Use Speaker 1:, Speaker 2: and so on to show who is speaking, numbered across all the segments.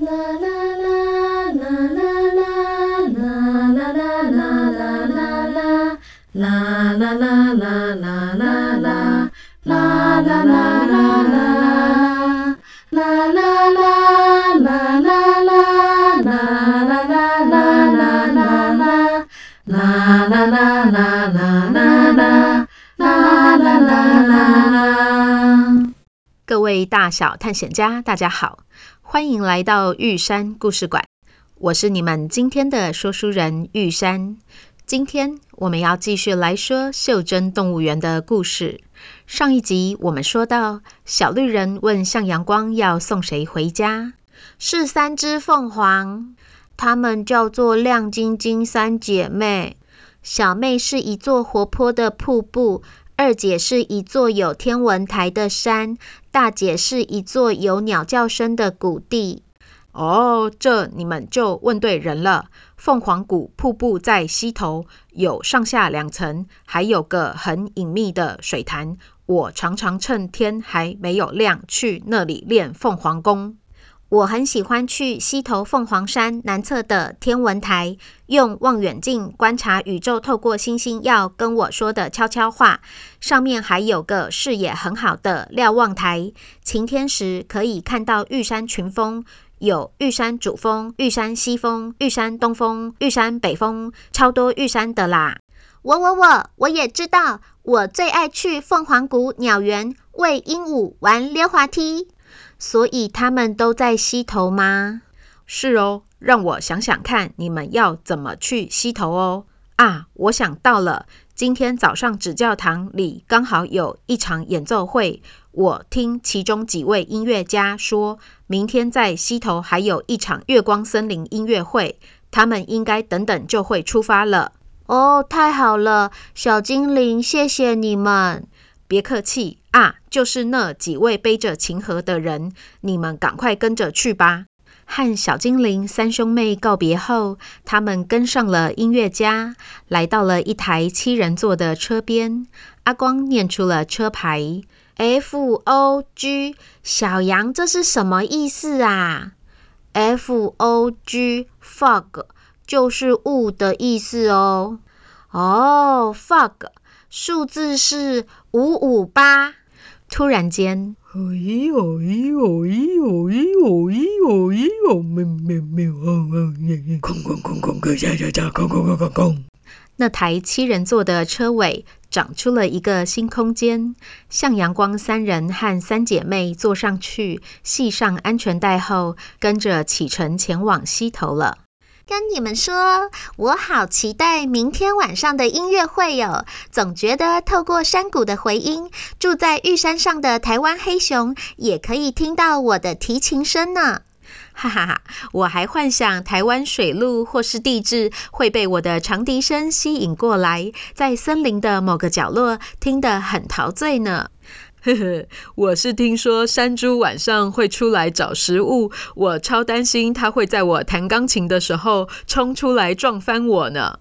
Speaker 1: 啦啦。各位大小探險家，大家好，歡迎來到玉山故事館。我是你們今天的說書人玉山。今天我們要繼續來說《袖珍動物園》的故事。上一集我們說到，小綠人問向陽光要送誰回家？是三隻鳳凰，她們叫做亮晶晶三姐妹。小妹是一座活潑的瀑布。二姐是一座有天文台的山，大姐是一座有鳥叫聲的谷地。哦，這你們就問對人了。鳳凰谷瀑布在溪頭，有上下兩層，還有個很隱秘的水潭。我常常趁天還沒有亮去那裡練鳳凰功。我很喜歡去溪頭鳳凰山南側的天文台，用望遠鏡觀察宇宙，透過星星要跟我說的悄悄話。上面還有個視野很好的瞭望台，晴天時可以看到玉山群峰，有玉山主峰、玉山西峰、玉山東峰、玉山北峰，超多玉山的啦！我我我，我也知道，我最愛去鳳凰谷鳥園餵鸚鵡、玩溜滑梯。所以他們都在溪頭嗎？是哦，讓我想想看，你們要怎麼去溪頭哦？啊，我想到了，今天早上紙教堂裡剛好有一場演奏會，我聽其中幾位音樂家說，明天在溪頭還有一場月光森林音樂會，他們應該等等就會出發了。哦，太好了，小精靈，謝謝你們。別客氣。啊，就是那幾位背着琴盒的人，你們趕快跟着去吧。和小精靈三兄妹告別後，他們跟上了音樂家，來到了一台七人座的車邊。阿光念出了車牌 F O G。小羊，這是什麼意思啊？F O G，fog 就是霧的意思哦。哦、oh，fog，數字是五五八。突然間，那台七人座的車尾長出了一個新空間，向陽光三人和三姐妹坐上去，繫上安全帶後，跟着啟程前往西頭了。跟你們說，我好期待明天晚上的音樂會喲！總覺得透過山谷的回音，住在玉山上的台灣黑熊也可以聽到我的提琴聲呢！哈哈哈！我還幻想台灣水鹿或是帝雉會被我的長笛聲吸引過來，在森林的某個角落聽得很陶醉呢。呵呵，我是聽說山豬晚上會出來找食物，我超擔心它會在我彈鋼琴的時候衝出來撞翻我呢。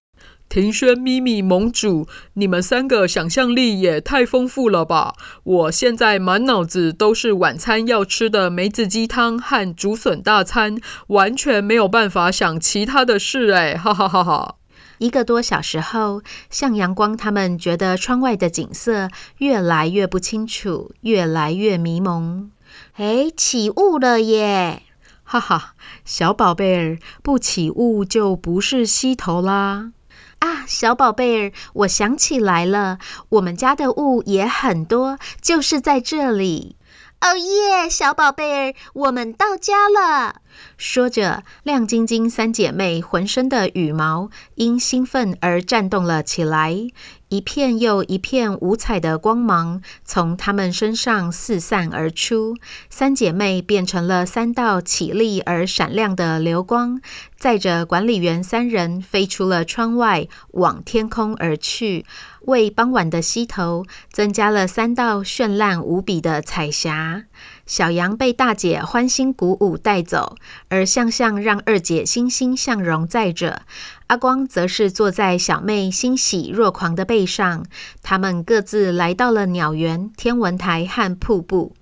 Speaker 1: 庭軒、咪咪、盟主，你們三個想象力也太豐富了吧！我現在滿腦子都是晚餐要吃的梅子雞湯和竹筍大餐，完全沒有辦法想其他的事哎、欸，哈哈哈哈。一個多小時後，向陽光他們覺得窗外的景色越來越不清楚，越來越迷濛。哎，起霧了耶！哈哈，小寶貝兒，不起霧就不是溪頭啦。啊，小寶貝兒，我想起來了，我們家的霧也很多，就是在這裡。哦耶，小寶貝兒，我們到家了！說着，亮晶晶三姐妹渾身的羽毛因興奮而顫動了起來。一片又一片五彩的光芒從她們身上四散而出，三姐妹變成了三道綺麗而閃亮的流光，載着管理員三人飛出了窗外，往天空而去，為傍晚的溪頭增加了三道絢爛無比的彩霞。小羊被大姐歡欣鼓舞帶走，而象象讓二姐欣欣向榮載着，阿光則是坐在小妹欣喜若狂的背上，他們各自來到了鳥園、天文台和瀑布。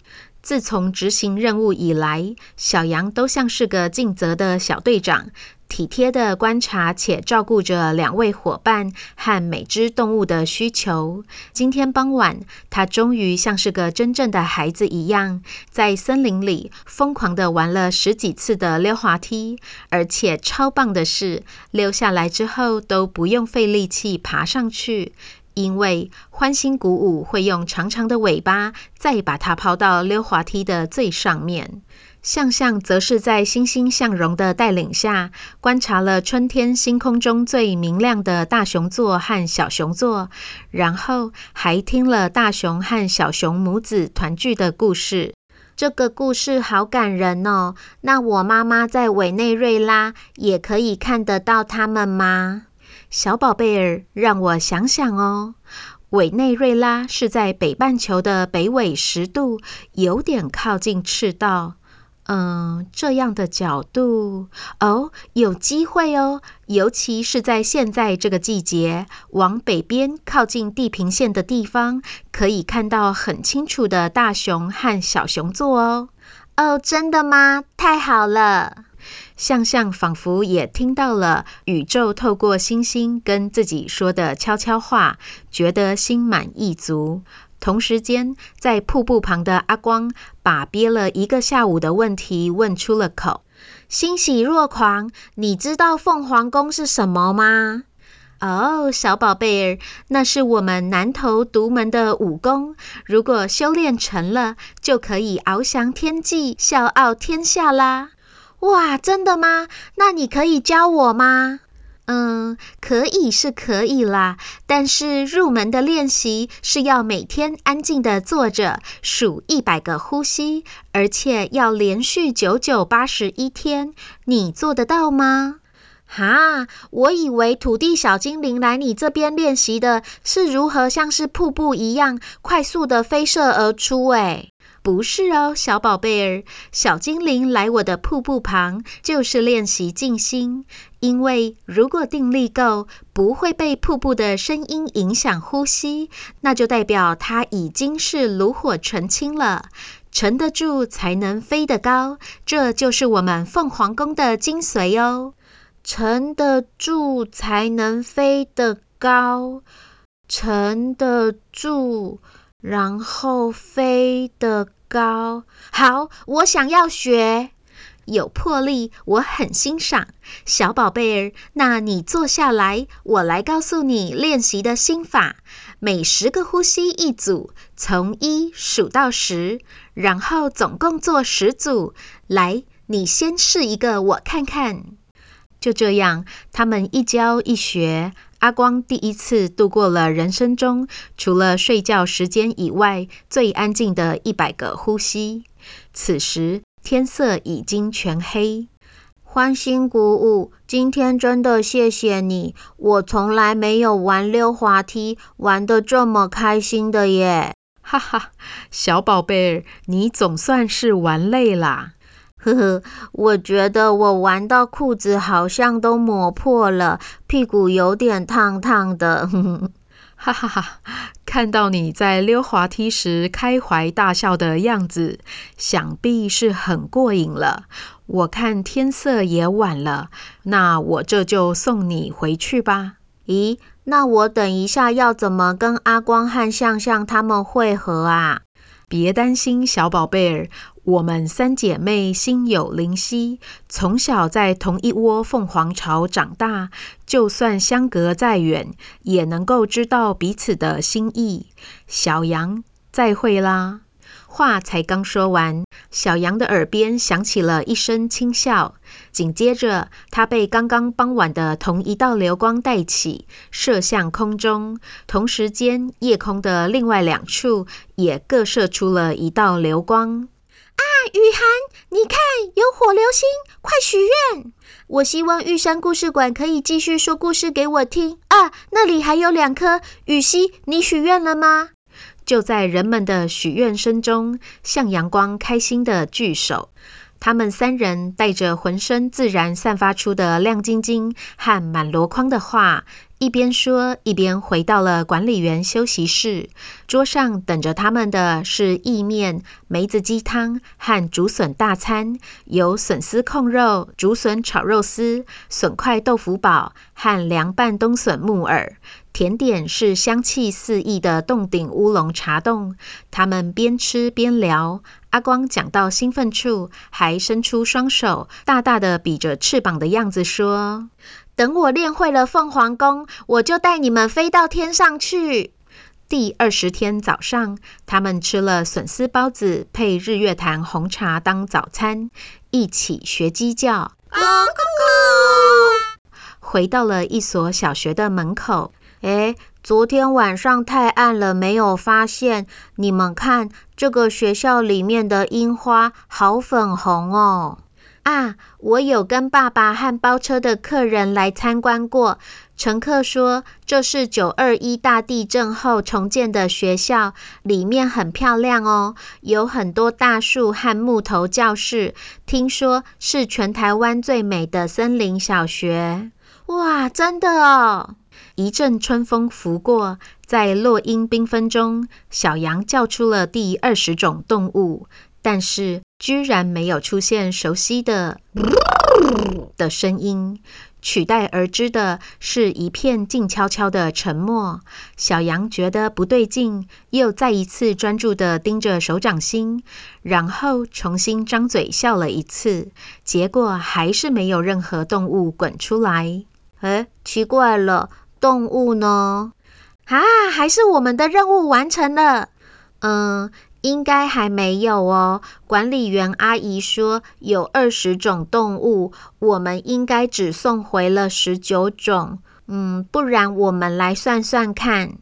Speaker 1: 自從執行任務以來，小羊都像是個盡責的小隊長，體貼地觀察且照顧着兩位伙伴和每隻動物的需求。今天傍晚，他終於像是個真正的孩子一樣，在森林裡瘋狂地玩了十幾次的溜滑梯，而且超棒的是，溜下來之後都不用費力氣爬上去。因為歡欣鼓舞會用長長的尾巴再把它拋到溜滑梯的最上面，象象則是在欣欣向榮的帶領下，觀察了春天星空中最明亮的大熊座和小熊座，然後還聽了大熊和小熊母子團聚的故事。這個故事好感人哦。那我媽媽在委內瑞拉也可以看得到他們嗎？小寶貝兒，讓我想想哦。委內瑞拉是在北半球的北緯十度，有點靠近赤道。嗯，這樣的角度哦，有機會哦，尤其是在現在這個季節，往北邊靠近地平線的地方，可以看到很清楚的大熊和小熊座哦。哦，真的嗎？太好了！象象仿佛也聽到了宇宙透過星星跟自己說的悄悄話，覺得心滿意足。同時間，在瀑布旁的阿光把憋了一個下午的問題問出了口，欣喜若狂。你知道鳳凰宮是什麼嗎？哦，小寶貝兒，那是我們南投獨門的武功。如果修煉成了，就可以翱翔天際，笑傲天下啦。哇，真的嗎？那你可以教我嗎？嗯，可以是可以啦，但是入門的練習是要每天安靜的坐着數一百個呼吸，而且要連續九九八十一天，你做得到嗎？哈，我以為土地小精靈來你這邊練習的是如何像是瀑布一樣快速的飛射而出，哎。不是哦，小寶貝兒，小精靈來我的瀑布旁就是練習靜心。因為如果定力夠，不會被瀑布的聲音影響呼吸，那就代表它已經是爐火純青了。沉得住才能飛得高，這就是我們鳳凰宮的精髓哦。沉得住才能飛得高，沉得住，然後飛得高。高好，我想要學。有魄力，我很欣賞。小寶貝兒，那你坐下來，我來告訴你練習的心法：每十個呼吸一組，從一數到十，然後總共做十組。來，你先試一個，我看看。就這樣，他們一教一學，阿光第一次度過了人生中除了睡覺時間以外最安靜的一百個呼吸。此時天色已經全黑，歡欣鼓舞。今天真的謝謝你，我從來沒有玩溜滑梯玩得這麼開心的耶！哈哈，小寶貝兒，你總算是玩累啦。呵呵，我覺得我玩到褲子好像都磨破了，屁股有點燙燙的。哈哈哈，看到你在溜滑梯時開懷大笑的樣子，想必是很過癮了。我看天色也晚了，那我這就送你回去吧。咦，那我等一下要怎麼跟阿光和向向他們會合啊？別擔心，小寶貝兒，我們三姐妹心有靈犀，從小在同一窩鳳凰巢長大，就算相隔再遠，也能夠知道彼此的心意。小羊，再會啦！話才剛說完，小羊的耳邊響起了一聲輕笑，緊接着它被剛剛傍晚的同一道流光帶起，射向空中。同時間，夜空的另外兩處也各射出了一道流光。啊，雨涵，你看有火流星，快許願！我希望玉山故事館可以繼續說故事給我聽。啊，那裡還有兩顆。雨溪，你許願了嗎？就在人們的許願聲中，向陽光開心地聚首。他們三人帶着渾身自然散發出的亮晶晶和滿籮筐的話，一邊說一邊回到了管理員休息室。桌上等着他們的，是意麵、梅子雞湯和竹筍大餐，有筍絲控肉、竹筍炒肉絲、筍塊豆腐煲。和涼拌冬筍木耳，甜點是香氣四溢的洞頂烏龍茶凍。他們邊吃邊聊，阿光講到興奮處，還伸出雙手，大大的比着翅膀的樣子說：“等我練會了鳳凰功，我就帶你們飛到天上去。”第二十天早上，他們吃了筍絲包子配日月潭紅茶當早餐，一起學雞叫。喔喔喔。回到了一所小學的門口。哎，昨天晚上太暗了，沒有發現。你們看，這個學校裡面的櫻花好粉紅哦！啊，我有跟爸爸和包車的客人來參觀過。乘客說，這是九二一大地震後重建的學校，裡面很漂亮哦，有很多大樹和木頭教室。聽說是全台灣最美的森林小學。哇，真的哦！一陣春風拂過，在落英繽紛中，小羊叫出了第二十種動物，但是居然沒有出現熟悉的“嗚嗚”的聲音，取而代之的是一片靜悄悄的沉默。小羊覺得不對勁，又再一次專注地盯着手掌心，然後重新張嘴笑了一次，結果還是沒有任何動物滾出來。哎，奇怪了，動物呢？啊，還是我們的任務完成了。嗯，應該還沒有哦。管理員阿姨說有二十種動物，我們應該只送回了十九種。嗯，不然我們來算算看。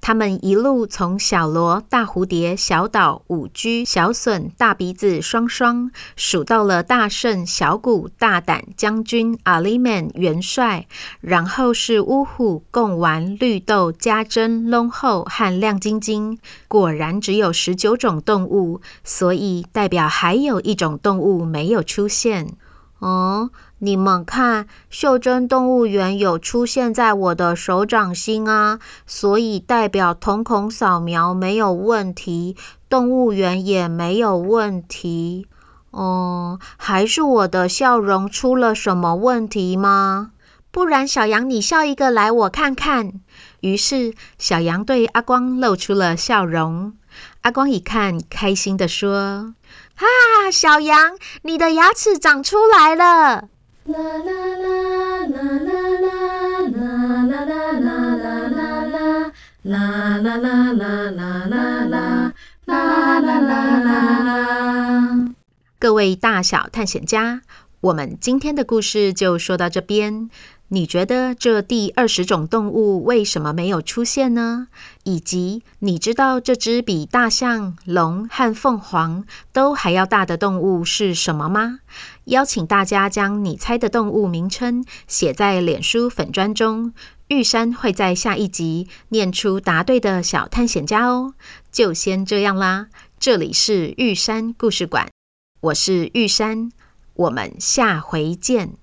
Speaker 1: 他們一路從小羅、大蝴蝶、小島、五居、小隼、大鼻子、雙雙、數到了大聖、小鼓、大膽將軍、阿里曼元帥，然後是嗚呼、貢丸、綠豆、家珍、隆後和亮晶晶。果然只有十九種動物，所以代表還有一種動物沒有出現。哦、嗯，你們看，袖珍動物園有出現在我的手掌心啊，所以代表瞳孔掃描沒有問題，動物園也沒有問題。哦、嗯，還是我的笑容出了什麼問題嗎？不然，小羊你笑一個來，我看看。於是，小羊對阿光露出了笑容。阿光一看，開心地說：“哈、啊！”小羊，你的牙齒長出來了。啦啦啦啦啦啦啦啦啦,啦啦啦啦啦啦啦啦啦啦啦啦啦啦啦啦啦啦啦！各位大小探險家，我們今天的故事就說到這邊。你覺得這第二十種動物為什麼沒有出現呢？以及你知道這隻比大象、龍和鳳凰都還要大的動物是什麼嗎？邀請大家將你猜的動物名稱寫在臉書粉專中，玉山會在下一集念出答對的小探險家哦。就先這樣啦，這裡是玉山故事館，我是玉山，我們下回見。